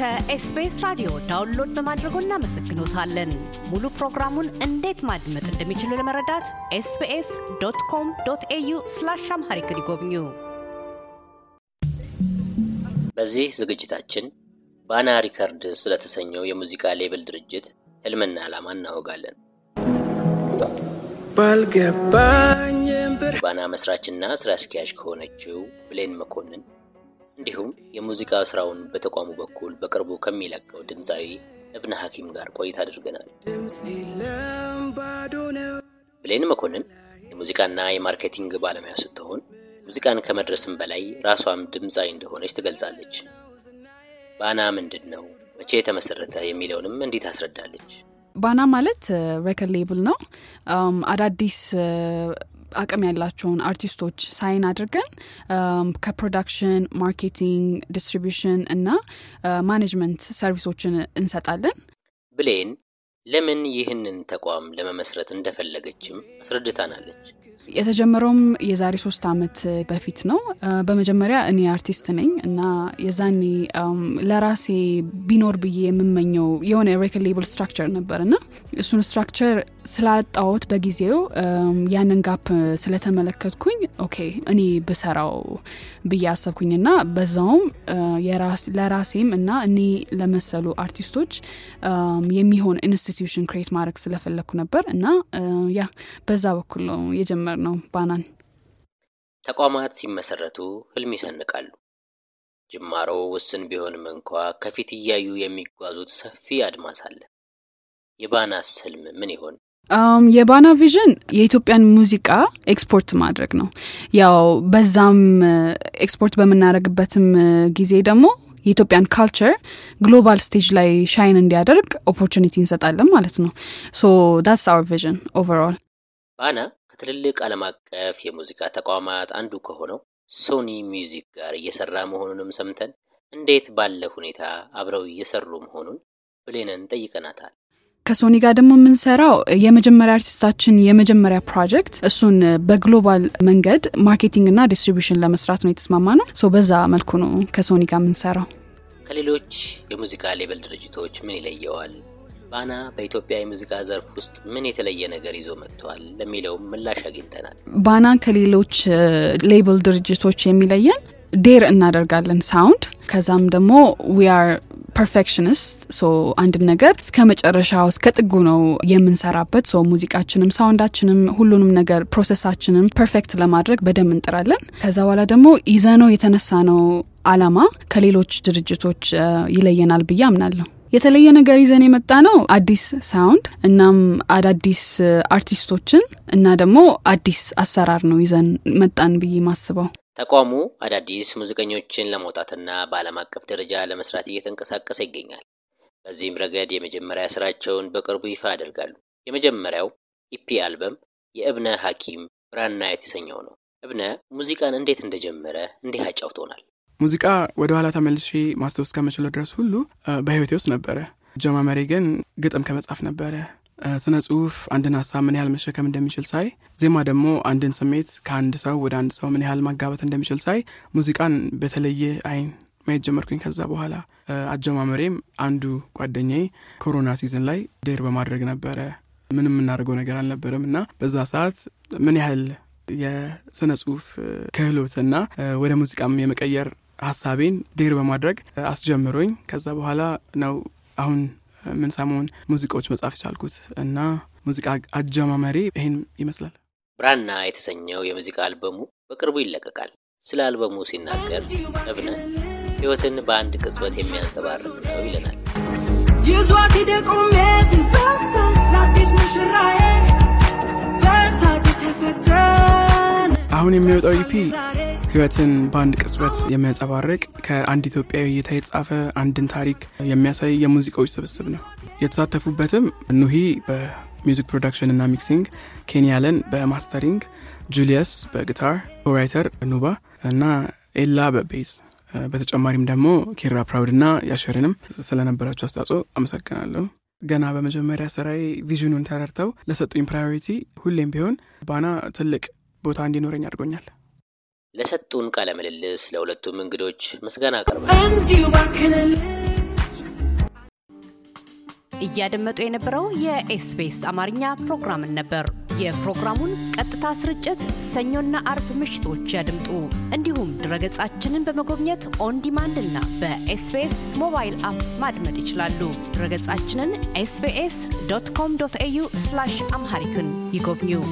ከኤስቢኤስ ራዲዮ ዳውንሎድ በማድረጎ እናመሰግኖታለን። ሙሉ ፕሮግራሙን እንዴት ማድመጥ እንደሚችሉ ለመረዳት ኤስቢኤስ ዶት ኮም ዶት ኤዩ ስላሽ አምሃሪክ ይጎብኙ። በዚህ ዝግጅታችን ባና ሪከርድ ስለተሰኘው የሙዚቃ ሌብል ድርጅት ህልምና ዓላማ እናወጋለን። ባልገባኝም ባና መስራችና ስራ አስኪያጅ ከሆነችው ብሌን መኮንን እንዲሁም የሙዚቃ ስራውን በተቋሙ በኩል በቅርቡ ከሚለቀው ድምፃዊ እብነ ሐኪም ጋር ቆይታ አድርገናል። ብሌን መኮንን የሙዚቃና የማርኬቲንግ ባለሙያ ስትሆን ሙዚቃን ከመድረስም በላይ ራሷም ድምፃዊ እንደሆነች ትገልጻለች። ባና ምንድን ነው? መቼ የተመሰረተ የሚለውንም እንዲህ ታስረዳለች። ባና ማለት ሬከርድ ሌብል ነው። አዳዲስ አቅም ያላቸውን አርቲስቶች ሳይን አድርገን ከፕሮዳክሽን፣ ማርኬቲንግ፣ ዲስትሪቢሽን እና ማኔጅመንት ሰርቪሶችን እንሰጣለን። ብሌን ለምን ይህንን ተቋም ለመመስረት እንደፈለገችም አስረድታናለች። የተጀመረውም የዛሬ ሶስት ዓመት በፊት ነው። በመጀመሪያ እኔ አርቲስት ነኝ እና የዛኔ ለራሴ ቢኖር ብዬ የምመኘው የሆነ ሬኮርድ ሌብል ስትራክቸር ነበር እና እሱን ስትራክቸር ስላጣሁት በጊዜው ያንን ጋፕ ስለተመለከትኩኝ ኦኬ እኔ ብሰራው ብዬ አሰብኩኝ እና በዛውም ለራሴም እና እኔ ለመሰሉ አርቲስቶች የሚሆን ኢንስቲትዩሽን ክሬት ማድረግ ስለፈለግኩ ነበር እና ያ በዛ በኩል ነው የጀመ ጭምር ነው። ባናን ተቋማት ሲመሰረቱ ህልም ይሰንቃሉ። ጅማሮው ውስን ቢሆንም እንኳ ከፊት እያዩ የሚጓዙት ሰፊ አድማስ አለ። የባናስ ህልም ምን ይሆን? የባና ቪዥን የኢትዮጵያን ሙዚቃ ኤክስፖርት ማድረግ ነው። ያው በዛም ኤክስፖርት በምናደርግበትም ጊዜ ደግሞ የኢትዮጵያን ካልቸር ግሎባል ስቴጅ ላይ ሻይን እንዲያደርግ ኦፖርቹኒቲ እንሰጣለን ማለት ነው። ሶ ዳትስ አወር ቪዥን ኦቨርኦል። ባና ከትልልቅ ዓለም አቀፍ የሙዚቃ ተቋማት አንዱ ከሆነው ሶኒ ሚውዚክ ጋር እየሰራ መሆኑንም ሰምተን እንዴት ባለ ሁኔታ አብረው እየሰሩ መሆኑን ብሌንን ጠይቀናታል። ከሶኒ ጋር ደግሞ የምንሰራው የመጀመሪያ አርቲስታችን የመጀመሪያ ፕሮጀክት እሱን በግሎባል መንገድ ማርኬቲንግ እና ዲስትሪቢሽን ለመስራት ነው የተስማማ ነው። በዛ መልኩ ነው ከሶኒ ጋር የምንሰራው። ከሌሎች የሙዚቃ ሌበል ድርጅቶች ምን ይለየዋል? ባና በኢትዮጵያ የሙዚቃ ዘርፍ ውስጥ ምን የተለየ ነገር ይዞ መጥተዋል ለሚለውም ምላሽ አግኝተናል። ባና ከሌሎች ሌብል ድርጅቶች የሚለየን ዴር እናደርጋለን ሳውንድ ከዛም ደግሞ ዊ አር ሶ አንድን ነገር እስከ መጨረሻው እስከ ጥጉ ነው የምንሰራበት። ሶ ሙዚቃችንም፣ ሳውንዳችንም፣ ሁሉንም ነገር ፕሮሰሳችንም ፐርፌክት ለማድረግ በደንብ እንጥራለን። ከዛ በኋላ ደግሞ ይዘነው የተነሳ ነው አላማ ከሌሎች ድርጅቶች ይለየናል ብዬ አምናለሁ። የተለየ ነገር ይዘን የመጣ ነው አዲስ ሳውንድ እናም አዳዲስ አርቲስቶችን እና ደግሞ አዲስ አሰራር ነው ይዘን መጣን ብዬ ማስበው። ተቋሙ አዳዲስ ሙዚቀኞችን ለማውጣትና በዓለም አቀፍ ደረጃ ለመስራት እየተንቀሳቀሰ ይገኛል። በዚህም ረገድ የመጀመሪያ ስራቸውን በቅርቡ ይፋ ያደርጋሉ። የመጀመሪያው ኢፒ አልበም የእብነ ሐኪም ብራና የተሰኘው ነው። እብነ ሙዚቃን እንዴት እንደጀመረ እንዲህ አጫውቶናል። ሙዚቃ ወደ ኋላ ተመልሼ ማስታወስ ከመችለው ድረስ ሁሉ በህይወቴ ውስጥ ነበረ። ጀማመሬ ግን ግጥም ከመጻፍ ነበረ። ስነ ጽሁፍ አንድን ሀሳብ ምን ያህል መሸከም እንደሚችል ሳይ፣ ዜማ ደግሞ አንድን ስሜት ከአንድ ሰው ወደ አንድ ሰው ምን ያህል ማጋባት እንደሚችል ሳይ፣ ሙዚቃን በተለየ አይን ማየት ጀመርኩኝ። ከዛ በኋላ አጀማመሬም አንዱ ጓደኛዬ ኮሮና ሲዝን ላይ ዴር በማድረግ ነበረ። ምንም የምናደርገው ነገር አልነበረም እና በዛ ሰዓት ምን ያህል የስነ ጽሁፍ ክህሎት እና ወደ ሙዚቃም የመቀየር ሀሳቤን ዴር በማድረግ አስጀምሮኝ ከዛ በኋላ ነው አሁን የምንሰማውን ሙዚቃዎች መጻፍ የቻልኩት እና ሙዚቃ አጀማመሬ ይህን ይመስላል። ብራና የተሰኘው የሙዚቃ አልበሙ በቅርቡ ይለቀቃል። ስለ አልበሙ ሲናገር እብነ ህይወትን በአንድ ቅጽበት የሚያንጸባርቅ ነው ይለናል። ይዟት ደቆሜ ለአዲስ አሁን የሚወጣው ኢፒ ህይወትን በአንድ ቅጽበት የሚያንጸባርቅ ከአንድ ኢትዮጵያዊ እይታ የተጻፈ አንድን ታሪክ የሚያሳይ የሙዚቃዎች ስብስብ ነው። የተሳተፉበትም ኑሂ በሚዚክ ፕሮዳክሽን እና ሚክሲንግ፣ ኬንያለን በማስተሪንግ፣ ጁሊየስ በጊታር፣ ኦራይተር ኑባ እና ኤላ በቤዝ በተጨማሪም ደግሞ ኪራ ፕራውድ እና ያሸርንም ስለነበራቸው አስተዋጽኦ አመሰግናለሁ። ገና በመጀመሪያ ስራዬ ቪዥኑን ተረድተው ለሰጡኝ ፕራዮሪቲ ሁሌም ቢሆን ባና ትልቅ ቦታ እንዲኖረኝ አድርጎኛል። ለሰጡን ቃለ ምልልስ ለሁለቱም እንግዶች ምስጋና አቀርባል። እያደመጡ የነበረው የኤስቢኤስ አማርኛ ፕሮግራምን ነበር። የፕሮግራሙን ቀጥታ ስርጭት ሰኞና አርብ ምሽቶች ያድምጡ። እንዲሁም ድረገጻችንን በመጎብኘት ኦን ዲማንድ እና በኤስቢኤስ ሞባይል አፕ ማድመጥ ይችላሉ። ድረገጻችንን ኤስቢኤስ ዶት ኮም ዶት ኤዩ አምሃሪክን ይጎብኙ።